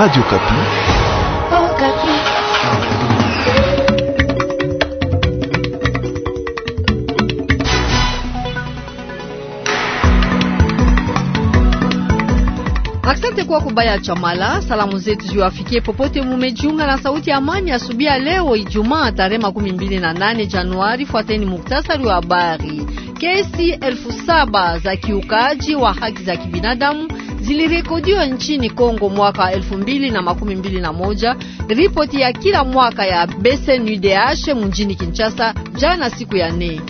Radio oh, Kapi. Asante kwa kubaya chamala. Salamu zetu ziwafikie popote mumejiunga na sauti ya amani asubia leo Ijumaa tarehe 28 Januari. Fuateni muktasari wa habari. Kesi elfu saba za kiukaji wa haki za kibinadamu zilirekodiwa nchini Kongo mwaka 2021. Ripoti ya kila mwaka ya BCNUDH mjini Kinshasa jana siku ya nne.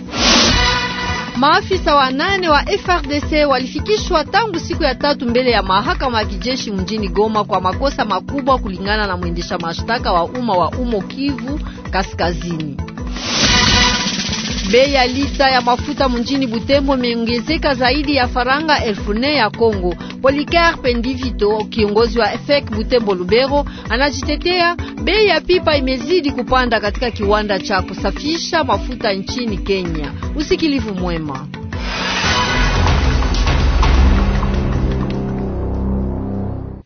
Maafisa wanane wa FRDC walifikishwa tangu siku ya tatu mbele ya mahakama ya kijeshi mjini Goma kwa makosa makubwa kulingana na mwendesha mashtaka wa umma wa umo Kivu Kaskazini. Bei ya lita ya mafuta mjini Butembo imeongezeka zaidi ya faranga elfu nne ya Kongo. polikar Pendivito, kiongozi wa FEC Butembo Lubero, anajitetea bei ya pipa imezidi kupanda katika kiwanda cha kusafisha mafuta nchini Kenya. Usikilivu mwema.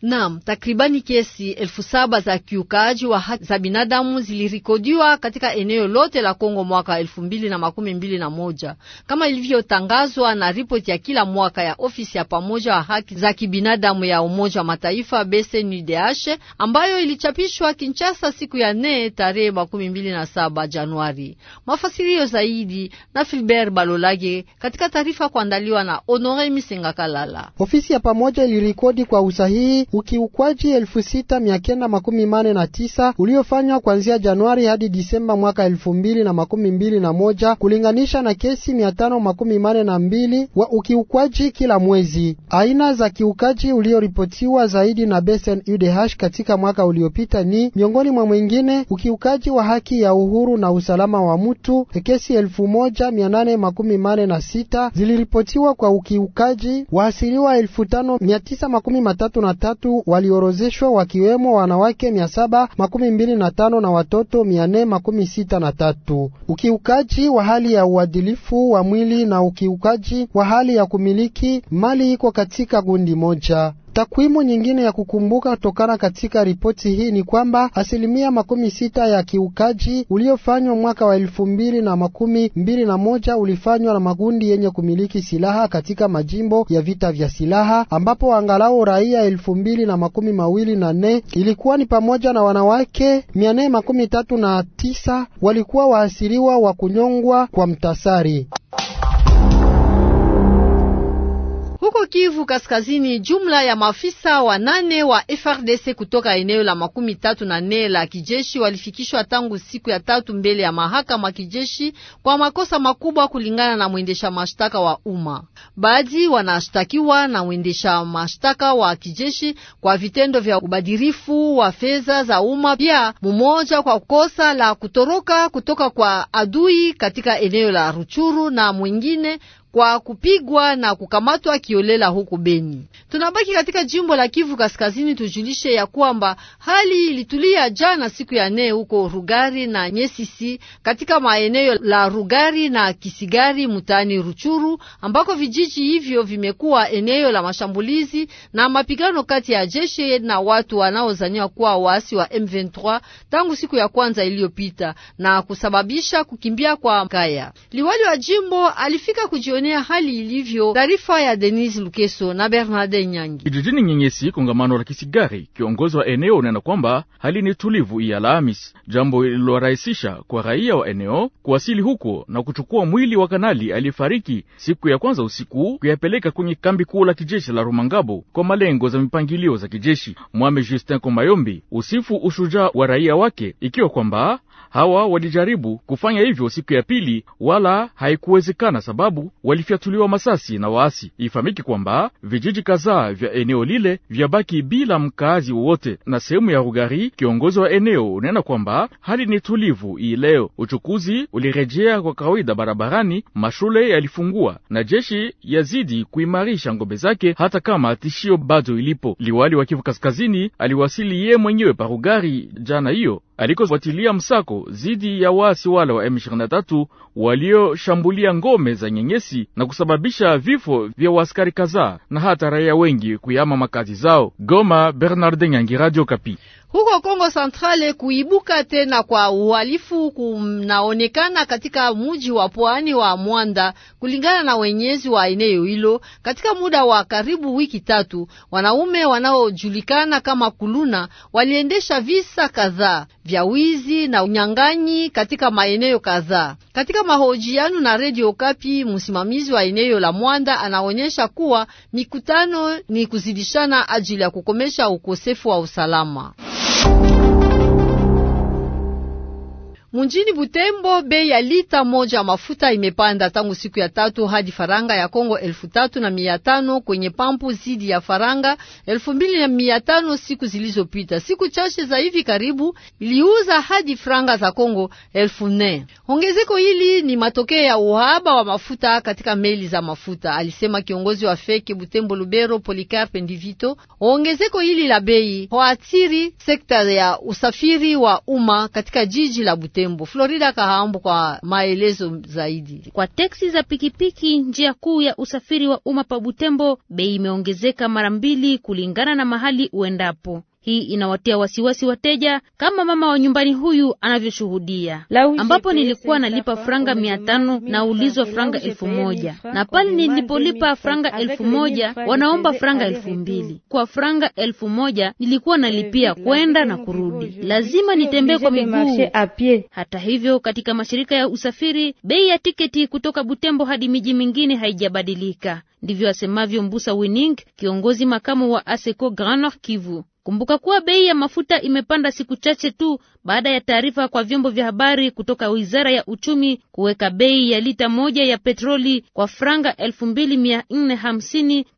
Naam, takribani kesi elfu saba za kiukaji wa haki za binadamu zilirikodiwa katika eneo lote la Kongo mwaka elfu mbili na makumi mbili na moja kama ilivyotangazwa na ripoti ya kila mwaka ya ofisi ya pamoja wa haki za kibinadamu ya Umoja wa Mataifa BCNUDH ambayo ilichapishwa Kinshasa siku ya nne tarehe makumi mbili na saba Januari. Mafasirio zaidi na Filbert Balolage katika taarifa kuandaliwa na Honore Misengakalala. Ofisi ya pamoja ilirekodi kwa usahihi ukiukwaji 6989 uliofanywa kuanzia Januari hadi Disemba mwaka 2021 kulinganisha na kesi 582 wa ukiukwaji kila mwezi. Aina za kiukaji ulioripotiwa zaidi na Besen UDH katika mwaka uliopita ni miongoni mwa mwingine ukiukaji wa haki ya uhuru na usalama wa mtu, kesi 1886 ziliripotiwa kwa ukiukaji, waasiriwa 5933 watu waliorozeshwa wakiwemo wanawake mia saba makumi mbili na tano na watoto mia nne makumi sita na tatu. Ukiukaji wa hali ya uadilifu wa mwili na ukiukaji wa hali ya kumiliki mali iko katika gundi moja. Takwimu nyingine ya kukumbuka kutokana katika ripoti hii ni kwamba asilimia makumi sita ya kiukaji uliofanywa mwaka wa elfu mbili na makumi mbili na moja ulifanywa na makundi yenye kumiliki silaha katika majimbo ya vita vya silaha, ambapo angalau raia elfu mbili na makumi mawili na nne ilikuwa ni pamoja na wanawake mia nne makumi tatu na tisa walikuwa waasiriwa wa kunyongwa kwa mtasari. Kivu Kaskazini, jumla ya maafisa wanane wa FRDC kutoka eneo la makumi tatu na nne la kijeshi walifikishwa tangu siku ya tatu mbele ya mahakama kijeshi kwa makosa makubwa, kulingana na mwendesha mashtaka wa umma. Baadhi wanashtakiwa na mwendesha mashtaka wa kijeshi kwa vitendo vya ubadirifu wa fedha za umma, pia mmoja kwa kosa la kutoroka kutoka kwa adui katika eneo la Ruchuru na mwingine kwa kupigwa na kukamatwa kiolela huko Beni. Tunabaki katika jimbo la Kivu Kaskazini, tujulishe ya kwamba hali ilitulia jana siku ya nne huko Rugari na Nyesisi katika maeneo la Rugari na Kisigari mtaani Ruchuru, ambako vijiji hivyo vimekuwa eneo la mashambulizi na mapigano kati ya jeshi na watu wanaozaniwa kuwa waasi wa M23 tangu siku ya kwanza iliyopita na kusababisha kukimbia kwa kaya. Liwali wa jimbo alifika kujio kujionea hali ilivyo. Taarifa ya Denis Lukeso na Bernard Nyangi. Kijijini Nyenyesi, kongamano la kisigari, kiongozi wa eneo unena kwamba hali ni tulivu ya Alhamis, jambo lililorahisisha kwa raia wa eneo kuwasili huko na kuchukua mwili wa kanali aliyefariki siku ya kwanza usiku kuyapeleka kwenye kambi kuu la kijeshi la Rumangabo kwa malengo za mipangilio za kijeshi. Mwame Justin Komayombi usifu ushujaa wa raia wake ikiwa kwamba Hawa walijaribu kufanya hivyo siku ya pili, wala haikuwezekana sababu walifyatuliwa masasi na waasi. Ifahamiki kwamba vijiji kadhaa vya eneo lile vyabaki bila mkaazi wowote, na sehemu ya Rugari, kiongozi wa eneo, unena kwamba hali ni tulivu hii leo. Uchukuzi ulirejea kwa kawaida barabarani, mashule yalifungua na jeshi yazidi kuimarisha ngombe zake, hata kama tishio bado ilipo. Liwali wa Kivu Kaskazini aliwasili ye mwenyewe parugari jana hiyo alikofuatilia msako dhidi ya waasi wale wa M23 walioshambulia ngome za Nyenyesi na kusababisha vifo vya waaskari kadhaa na hata raia wengi kuyama makazi zao. Goma, Bernard Nyangi, Radio Kapi. Huko Kongo Centrale kuibuka tena kwa uhalifu kunaonekana katika muji wa pwani wa Mwanda. Kulingana na wenyezi wa eneo hilo, katika muda wa karibu wiki tatu, wanaume wanaojulikana kama kuluna waliendesha visa kadhaa vya wizi na unyang'anyi katika maeneo kadhaa. Katika mahojiano na Radio Kapi, msimamizi wa eneo la Mwanda anaonyesha kuwa mikutano ni kuzidishana ajili ya kukomesha ukosefu wa usalama. Mjini Butembo, bei ya lita moja ya mafuta imepanda tangu siku ya tatu hadi faranga ya Kongo elfu tatu na mia tano kwenye pampu zidi ya faranga elfu mbili na mia tano siku zilizopita. Siku chache za hivi karibu iliuza hadi faranga za Kongo elfu nne. Ongezeko hili ni matokeo ya uhaba wa mafuta katika meli za mafuta, alisema kiongozi wa feki Butembo Lubero, Polikarpe Ndivito. Ongezeko hili la bei huathiri sekta ya usafiri wa umma katika jiji la Butembo. Butembo. Florida Kahambu kwa maelezo zaidi. Kwa teksi za pikipiki, njia kuu ya usafiri wa umma pa Butembo, bei imeongezeka mara mbili kulingana na mahali uendapo. Hii inawatia wasiwasi wateja kama mama wa nyumbani huyu anavyoshuhudia, ambapo nilikuwa nalipa franga mia tano na ulizwa franga elfu moja na pale nilipolipa franga elfu moja wanaomba franga elfu mbili Kwa franga elfu moja nilikuwa eh, nalipia kwenda na kurudi, lazima nitembee kwa miguu. Hata hivyo, katika mashirika ya usafiri bei ya tiketi kutoka Butembo hadi miji mingine haijabadilika ndivyo asemavyo Mbusa Wining, kiongozi makamu wa ASECO Grand Nord Kivu. Kumbuka kuwa bei ya mafuta imepanda siku chache tu baada ya taarifa kwa vyombo vya habari kutoka wizara ya uchumi kuweka bei ya lita moja ya petroli kwa franga elfu mbili mia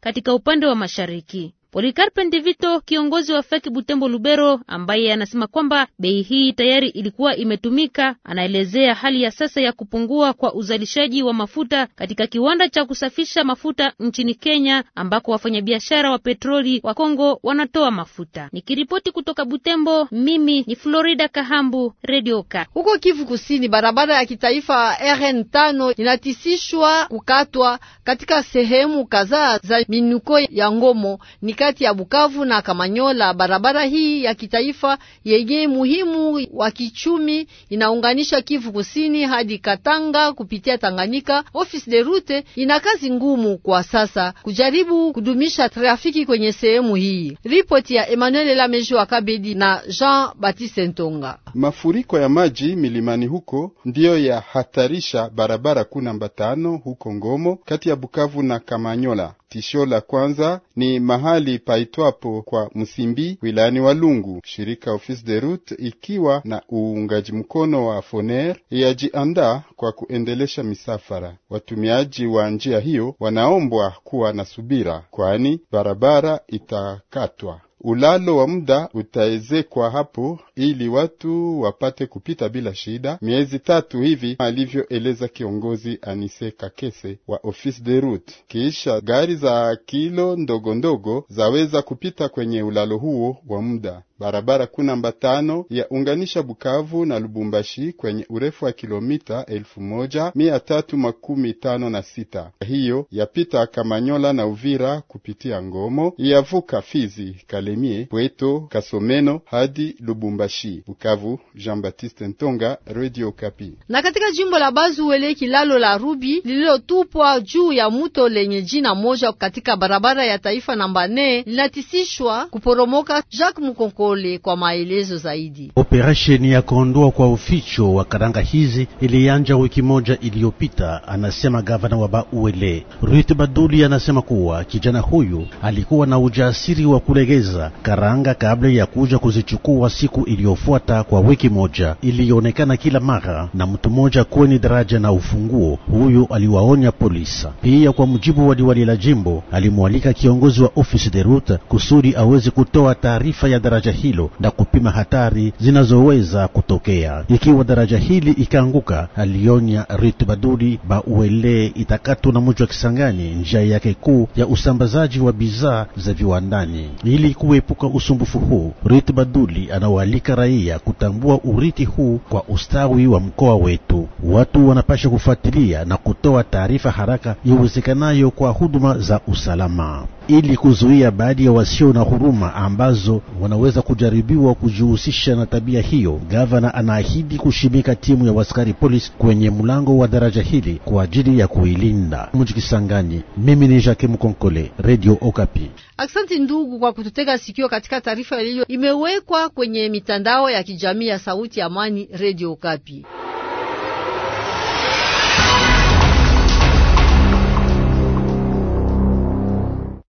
katika upande wa mashariki. Polikarpe Ndivito, kiongozi wa feki Butembo Lubero, ambaye anasema kwamba bei hii tayari ilikuwa imetumika, anaelezea hali ya sasa ya kupungua kwa uzalishaji wa mafuta katika kiwanda cha kusafisha mafuta nchini Kenya ambako wafanyabiashara wa petroli wa Kongo wanatoa mafuta. Nikiripoti kutoka Butembo, mimi ni Florida Kahambu, Radio Ka. Huko Kivu Kusini, barabara ya kitaifa RN 5 inatisishwa kukatwa katika sehemu kadhaa za minuko ya Ngomo ni kati ya Bukavu na Kamanyola. Barabara hii ya kitaifa yenye muhimu wa kichumi inaunganisha Kivu Kusini hadi Katanga kupitia Tanganyika. Office de Route ina kazi ngumu kwa sasa kujaribu kudumisha trafiki kwenye sehemu hii. Ripoti ya Emmanuel Lamejo Akabedi na Jean Baptiste Ntonga. Mafuriko ya maji milimani huko ndiyo yahatarisha barabara kuu namba tano huko Ngomo kati ya Bukavu na Kamanyola. Tisho la kwanza ni mahali paitwapo kwa Msimbi wilayani Walungu. Shirika Office de Route ikiwa na uungaji mkono wa Foner yajiandaa kwa kuendelesha misafara. Watumiaji wa njia hiyo wanaombwa kuwa na subira, kwani barabara itakatwa. Ulalo wa muda utaezekwa hapo ili watu wapate kupita bila shida, miezi tatu hivi, alivyoeleza kiongozi Anise Kakese wa Office de Route. Kisha gari za kilo ndogo ndogo zaweza kupita kwenye ulalo huo wa muda. Barabara kuu namba tano yaunganisha Bukavu na Lubumbashi kwenye urefu wa kilomita elfu moja mia tatu makumi tano na sita. Hiyo yapita Kamanyola na Uvira kupitia Ngomo, yavuka Fizi, Kalemie, Pweto, Kasomeno hadi Lubumbashi. Bukavu, Jean Baptiste Ntonga, Radio Kapi. Na katika jimbo la Bazuwele, kilalo la Rubi lililotupwa juu ya muto lenye jina moja katika barabara ya taifa namba 4 linatisishwa kuporomoka. Jacques Mukonko Pole kwa maelezo zaidi. Operesheni ya kuondoa kwa uficho wa karanga hizi ilianza wiki moja iliyopita, anasema gavana wa Bauele Ruth Baduli. Anasema kuwa kijana huyu alikuwa na ujasiri wa kulegeza karanga kabla ya kuja kuzichukua siku iliyofuata. Kwa wiki moja ilionekana kila mara na mtu mmoja kweni daraja na ufunguo, huyu aliwaonya polisi pia. Kwa mujibu wa liwali la jimbo, alimwalika kiongozi wa ofisi de route kusudi aweze kutoa taarifa ya daraja hilo na kupima hatari zinazoweza kutokea ikiwa daraja hili ikaanguka, alionya Ritu baduli Bauele itakatwa na mji wa Kisangani, njia yake kuu ya usambazaji wa bidhaa za viwandani. Ili kuepuka usumbufu huu, Ritu baduli anawaalika raia kutambua urithi huu kwa ustawi wa mkoa wetu. Watu wanapasha kufuatilia na kutoa taarifa haraka iwezekanayo kwa huduma za usalama ili kuzuia baadhi ya wasio na huruma ambazo wanaweza kujaribiwa kujihusisha na tabia hiyo. Gavana anaahidi kushimika timu ya waskari polisi kwenye mlango wa daraja hili kwa ajili ya kuilinda mji Kisangani. Mimi ni Jacques Mkonkole, Radio Okapi. Asante ndugu kwa kututega sikio katika taarifa iliyo imewekwa kwenye mitandao ya kijamii ya Sauti ya Amani, Radio Okapi.